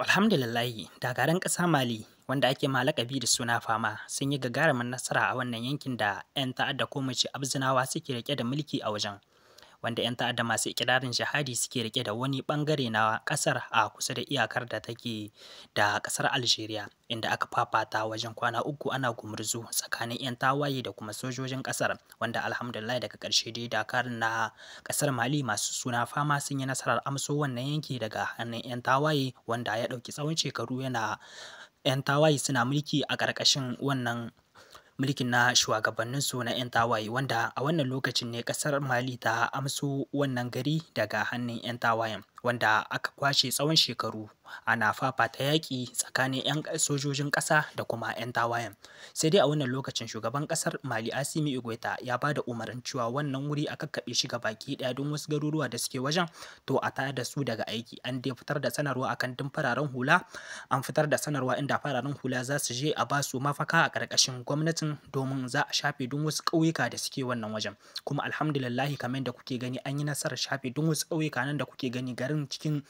Alhamdulillah, alhamdulillahi dagaran ƙasa Mali wanda ake ma da suna fama sun yi gagarumin nasara a wannan yankin da 'yan ta'adda ko mace abzinawa suke rike da mulki a wajen. wanda 'yan ta'adda masu ikirarin jihadi suke rike da wani bangare na kasar a kusa da iyakar da take da kasar Algeria inda aka fafata wajen kwana uku ana gumurzu tsakanin 'yan tawaye da kuma sojojin kasar wanda alhamdulillah daga karshe dai dakar na kasar Mali masu suna fama sun yi nasarar amso wannan yanki daga hannun 'yan tawaye wanda ya ɗauki tsawon shekaru yana 'yan tawaye suna mulki a ƙarƙashin wannan mulkin na su na 'yan tawaye wanda a wannan lokacin ne kasar mali ta amso wannan gari daga hannun 'yan tawayen wanda aka kwashe tsawon shekaru ana fafata yaƙi tsakanin 'yan sojojin ƙasa da kuma 'yan tawayen sai dai a wannan lokacin shugaban ƙasar mali asimi igweta ya ba da umarnin cewa wannan wuri a kakkaɓe shi ga baki ɗaya don wasu garuruwa da suke wajen to a tare da su daga aiki an dai fitar da sanarwa akan dun fararen hula an fitar da sanarwa inda fararen hula za su je a basu mafaka a ƙarƙashin gwamnatin domin za a shafe dun wasu ƙauyuka da suke wannan wajen kuma alhamdulillahi kamar da kuke gani an yi nasarar shafe dun wasu ƙauyuka nan da kuke gani garin tarin cikin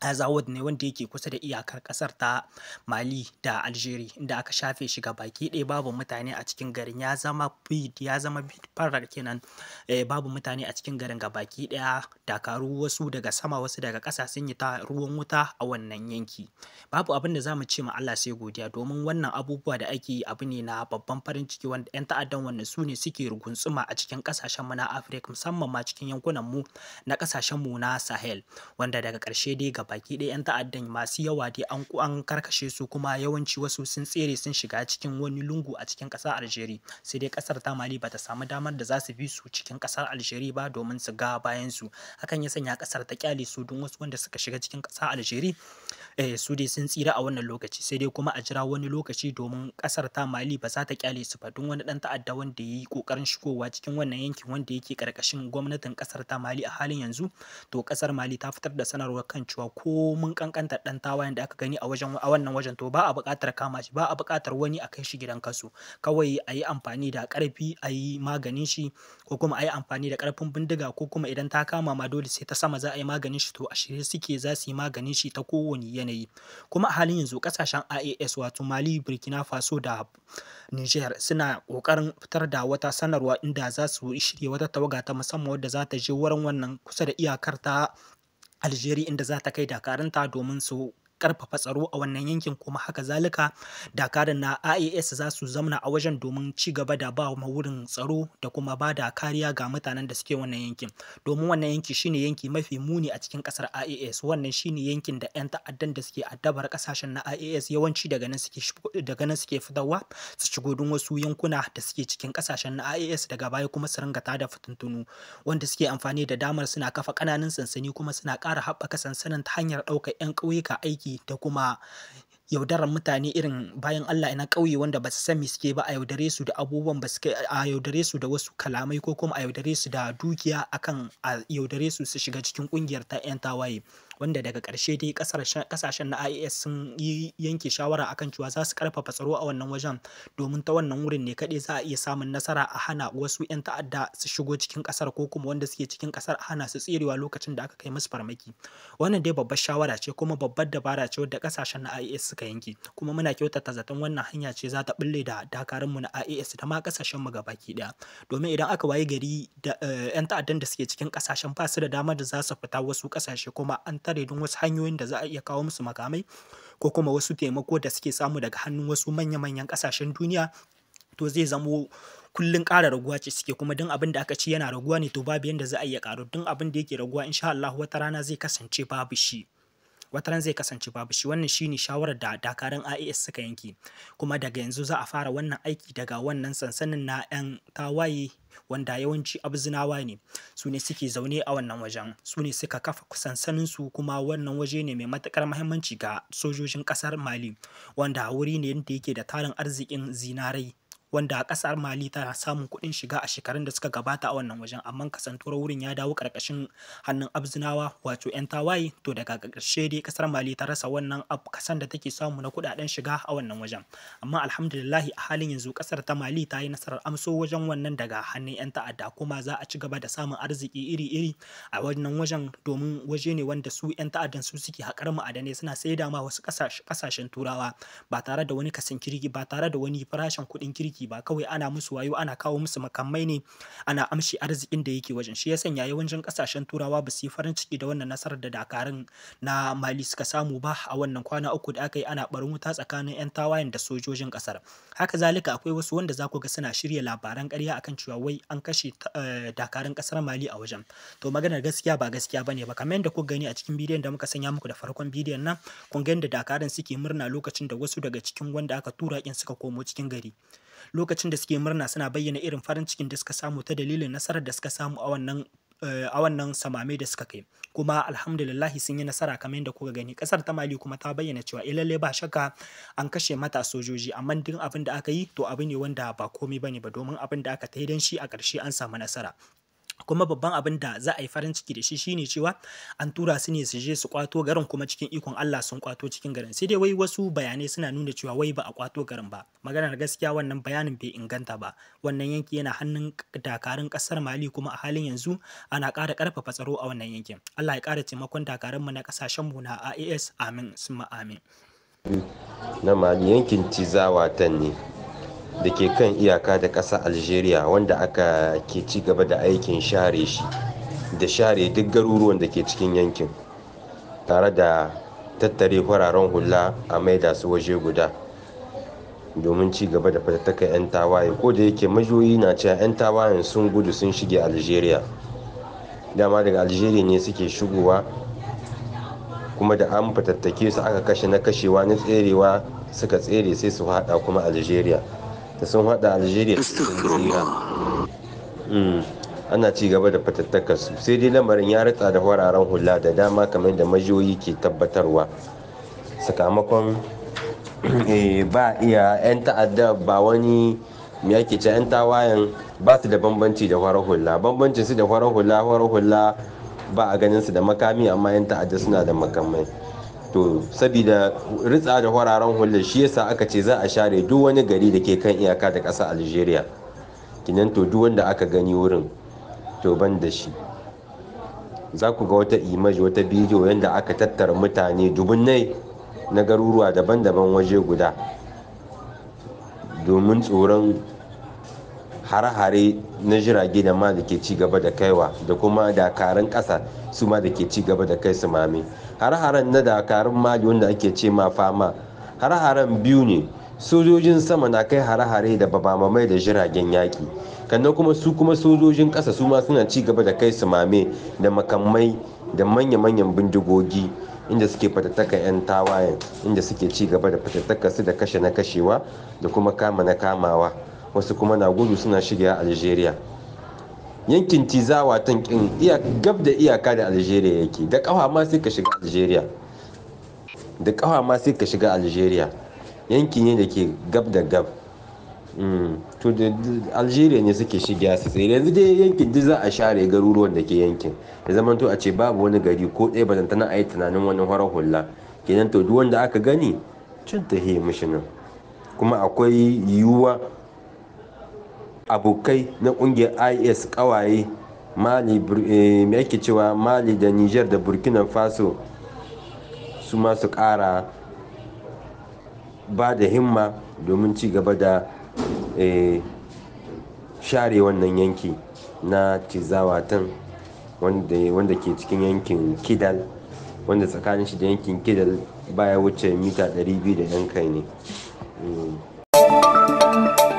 Azawad ne wanda yake kusa da iyakar kasar ta Mali da Algeria inda aka shafe shi ga baki ɗaya babu mutane a cikin garin ya zama bid ya zama bid farar kenan eh, babu mutane a cikin garin ga baki ɗaya dakaru wasu daga sama wasu daga ƙasa sun yi ta ruwan wuta a wannan yanki babu abin da zamu ce ma Allah sai godiya domin wannan abubuwa da ake yi abu ne na babban farin ciki wanda yan ta'addan wanda su ne suke ruguntsuma a cikin kasashen mu na Afirka musamman ma cikin yankunan mu na kasashen mu na Sahel wanda daga karshe dai baki ɗaya 'yan ta'addan masu yawa dai an an karkashe su kuma yawanci wasu sun tsere sun shiga cikin wani lungu a cikin ƙasar Aljeri sai dai ƙasar ta Mali bata samu damar da za su bi su cikin ƙasar Aljeri ba domin su ga bayan su hakan ya sanya ƙasar ta kyale su don wasu wanda suka shiga cikin ƙasar Aljeri? eh su dai sun tsira a wannan lokaci sai dai kuma a jira wani lokaci domin ƙasar ta Mali ba za ta kyale su ba don wani ɗan ta'adda wanda ya yi ƙoƙarin shigowa cikin wannan yankin wanda yake ƙarƙashin gwamnatin ƙasar ta Mali a halin yanzu to ƙasar Mali ta fitar da sanarwar kan cewa ko mun kankanta dan tawayen da aka gani a wajen a wannan wajen to ba a buƙatar kama shi ba a buƙatar wani a kai shi gidan kasu kawai a yi amfani da ƙarfi a yi maganin shi ko kuma a yi amfani da ƙarfin bindiga ko kuma idan ta kama ma dole sai ta sama za a yi maganin shi to a shirye suke za su yi maganin shi ta kowane yanayi kuma a halin yanzu kasashen IAS wato Mali Burkina Faso da Niger suna ƙoƙarin fitar da wata sanarwa inda za su shirya wata tawaga ta musamman wadda za ta je wurin wannan kusa da iyakar ta Algeria inda za ta kai dakarunta domin su karfafa tsaro a wannan yankin kuma haka zalika dakarun na IAS za su zamna a wajen domin ci gaba da ba ma wurin tsaro da kuma ba da kariya ga mutanen da suke wannan yankin domin wannan yanki shine yanki mafi muni a cikin kasar IAS wannan shine yankin da 'yan ta'addan da suke addabar kasashen na IAS yawanci daga nan suke daga nan suke fitarwa su shigo don wasu yankuna da suke cikin kasashen na IAS daga baya kuma su ringa tada fitintunu wanda suke amfani da damar suna kafa kananan sansani kuma suna ƙara haɓaka sansanin ta hanyar ɗaukar 'yan ƙauyuka aiki aiki da kuma yaudarar mutane irin bayan Allah ina ƙauye wanda ba su san me suke ba a yaudare su da abubuwan ba su a yaudare su da wasu kalamai ko kuma a yaudare su da dukiya akan a yaudare su su shiga cikin ƙungiyar ta 'yan tawaye wanda daga ƙarshe dai kasashen na IAS sun yi yanke shawara akan cewa za su karfafa tsaro a wannan wajen domin ta wannan wurin ne kaɗai za a iya samun nasara a hana wasu 'yan ta'adda su shigo cikin ƙasar ko kuma wanda suke cikin ƙasar a hana su tserewa lokacin da aka kai musu farmaki wannan dai babbar shawara ce kuma babbar dabara ce wadda kasashen na IAS suka yanke kuma muna kyautata zaton wannan hanya ce za ta bulle da dakarunmu na IAS da ma kasashen mu gabaki daya domin idan aka waye gari da 'yan eh, ta'addan da suke cikin kasashen ba da damar da za su fita wasu kasashe kuma an tare don wasu hanyoyin da za a iya kawo musu makamai ko kuma wasu taimako da suke samu daga hannun wasu manya-manyan kasashen duniya to zai zamo kullun ƙara raguwa ce suke kuma don abin da aka ci yana raguwa ne to babu yadda za a iya ƙaru don abin da yake raguwa insha Allah wata rana zai kasance babu shi. wataran zai kasance babu shi wannan shine shawarar da dakarun IAS suka yanke kuma daga yanzu za a fara wannan aiki daga wannan sansanin na 'yan tawaye wanda yawanci abzinawa ne su ne suke zaune a wannan wajen su ne suka kafa sansanin su kuma wannan waje ne mai matukar muhimmanci ga sojojin kasar mali wanda wuri ne da yake da tarin arzikin zinarai wanda a kasar mali tana samun kuɗin shiga a shekarun da suka gabata a wannan wajen amma kasantuwar wurin ya dawo karkashin hannun abzinawa wato yan tawaye to daga ƙarshe dai kasar mali ta rasa wannan kasan da take samu na kuɗaɗen shiga a wannan wajen amma alhamdulillahi a halin yanzu kasar ta mali ta yi nasarar amso wajen wannan daga hannun yan ta'adda kuma za a ci gaba da samun arziki iri-iri a wannan wajen domin waje ne wanda su yan ta'addan su suke haƙar ma'adanai suna saida ma wasu ƙasashen turawa ba tare da wani kasan kirki ba tare da wani farashin kuɗin kirki ba kawai ana musu wayo ana kawo musu makamai ne ana amshi arzikin da yake wajen shi ya sanya yawancin kasashen turawa ba su yi farin ciki da wannan nasarar da dakarun na mali suka samu ba a wannan kwana uku da aka yi ana barin wuta tsakanin 'yan tawayen da sojojin kasar haka zalika akwai wasu wanda za ku ga suna shirya labaran ƙarya akan cewa wai an kashe eh, dakarun kasar mali a wajen to maganar gaskiya ba gaskiya bane ba kamar yadda ku gani a cikin bidiyon da muka sanya muku da farkon bidiyon nan kun ga yadda dakarun suke murna lokacin da wasu daga cikin wanda aka tura kin suka komo cikin gari lokacin da suke murna suna bayyana irin farin cikin da suka samu ta dalilin nasarar da suka samu a wannan eh, a wannan samame da suka kai kuma alhamdulillah sun yi nasara kamar yadda kuka gani kasar ta mali kuma ta bayyana cewa eh lalle ba shakka an kashe mata sojoji amma duk abin da aka yi to abu ne wanda ba komai bane ba domin abin da aka ta shi a ƙarshe an samu nasara kuma babban abin da za a yi farin ciki da shi shine cewa an tura su ne su je su kwato garin kuma cikin ikon Allah sun kwato cikin garin sai dai wai wasu bayanai suna nuna cewa wai ba a kwato garin ba maganar gaskiya wannan bayanin bai inganta ba wannan yanki yana hannun dakarun kasar Mali kuma a halin yanzu ana ƙara ƙarfafa tsaro a wannan yankin Allah ya ƙara taimakon dakarun mu na kasashen mu na AAS amin summa amin na Mali yankin Cizawa ne da ke kan iyaka da ƙasa algeria wanda aka ke ci gaba da aikin share shi da share duk garuruwan da ke cikin yankin tare da tattare fararen hula a maida su waje guda domin ci gaba da fatattakan 'yan tawaye ko da yake majoyi na cewa 'yan tawayen sun gudu sun shige algeria dama daga algeria ne suke shigowa kuma da an fatattake su aka kashe na kashewa na tserewa suka tsere sai su hada kuma algeria da sun hada algeria hmm. ana ci gaba da fatattakar su sai dai lamarin ya ritsa da wararen hula da dama kamar da majiyoyi ke tabbatarwa sakamakon eh, ba iya 'yan ta'adda ba wani ya ke ce 'yan tawayen ba su da bambanci da farar hula bambancin su da farar hula farar hula ba a ganin su da makami amma 'yan ta'adda suna da makamai to sabida ritsa da wararen hular shi yasa aka ce za a share duk wani gari da ke kan iyaka da ƙasa algeria kinan to duk wanda aka gani wurin to ban da shi za ku ga wata imaj wata bidiyo yadda aka tattara mutane dubunnai na garuruwa daban-daban waje guda domin tsoron hare-hare na jirage da ma da ke ci da kaiwa da kuma dakarun ƙasa su ma da ke cigaba da kai su mame har-haren na dakarun mali wanda ake ce ma fama har-haren biyu ne sojojin sama na kai hare-hare da babamamai da jiragen yaki kannan kuma su kuma sojojin kasa su ma suna ci gaba da kai su mame da makamai da manya-manyan bindigogi inda suke fatattaka 'yan tawayen inda suke ci gaba da fatattaka su da kashe na kashewa da kuma kama na kamawa wasu kuma na gudu suna shiga algeria yankin tizawa tankin gab da iyaka da algeria yake da kafa ma sai ka shiga algeria da kafa ma sai ka shiga algeria yanki ne da ke gab da gab mm, to da algeria ne suke shiga su sai yanzu dai yankin duk za a share garuruwan da ke yankin da zaman to a ce babu wani gari ko ɗaya ba tana a yi tunanin wani horar hula kenan to duk wanda aka gani cin ta mishi nan kuma akwai yiwuwa abokai na kungiyar is kawaye mali yake eh, cewa mali da niger da burkina faso su masu kara ba da himma domin ci gaba da eh, share wannan yanki na cizawatan wanda ke cikin yankin kidal wanda tsakanin shi da yankin kidal baya wuce mita 200 da yankai ne mm.